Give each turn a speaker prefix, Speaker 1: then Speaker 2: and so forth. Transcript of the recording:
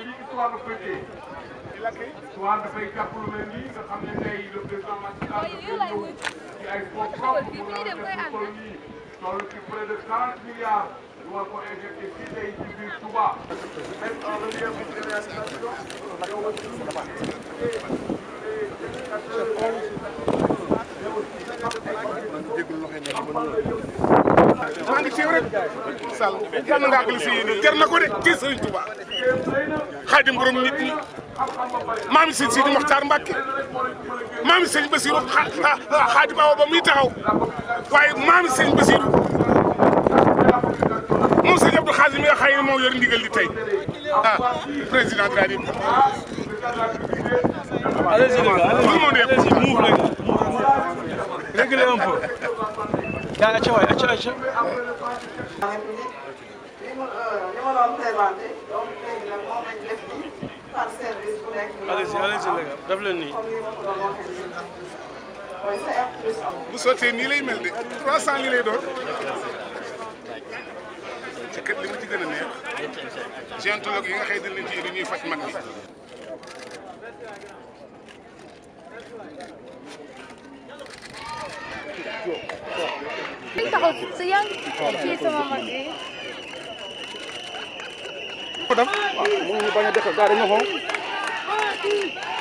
Speaker 1: que que ngi ci wàllu fekkee waaw dafay jàppale leen lii nga xam ne tey le président Macky Sall que ñëw ci ay fonds propres mu naan def tool yi toll ci près de 40 milliards ñu war ko injecté fii tey ci que Touba. même en relève de réalisation yow que les les éducateurs siiw rek Sall yàlla nga àggali si yéen jar na ko de ci Serigne Touba xaadim borom nit ñi maam si Sidi Mokhtar Mbacke maam si Serigne Bassirou xaadim Awa ba muy taxaw waaye maam si Serigne Bassirou moom Serigne Abdou Khadre mi nga xëy na moo yor ndigal li tey ah président de la République. allez-y allez-y muuf rek réglez un peu.
Speaker 2: Ya açı var, açı açı. Allez-y,
Speaker 1: allez-y les gars, def leen nii. Bu sottee nii lay mel de 300 lii lay doon. ci kat li mu ci gën a neex.
Speaker 2: géontologue yi nga
Speaker 1: Ah, mo ni banya dekh gare no ho.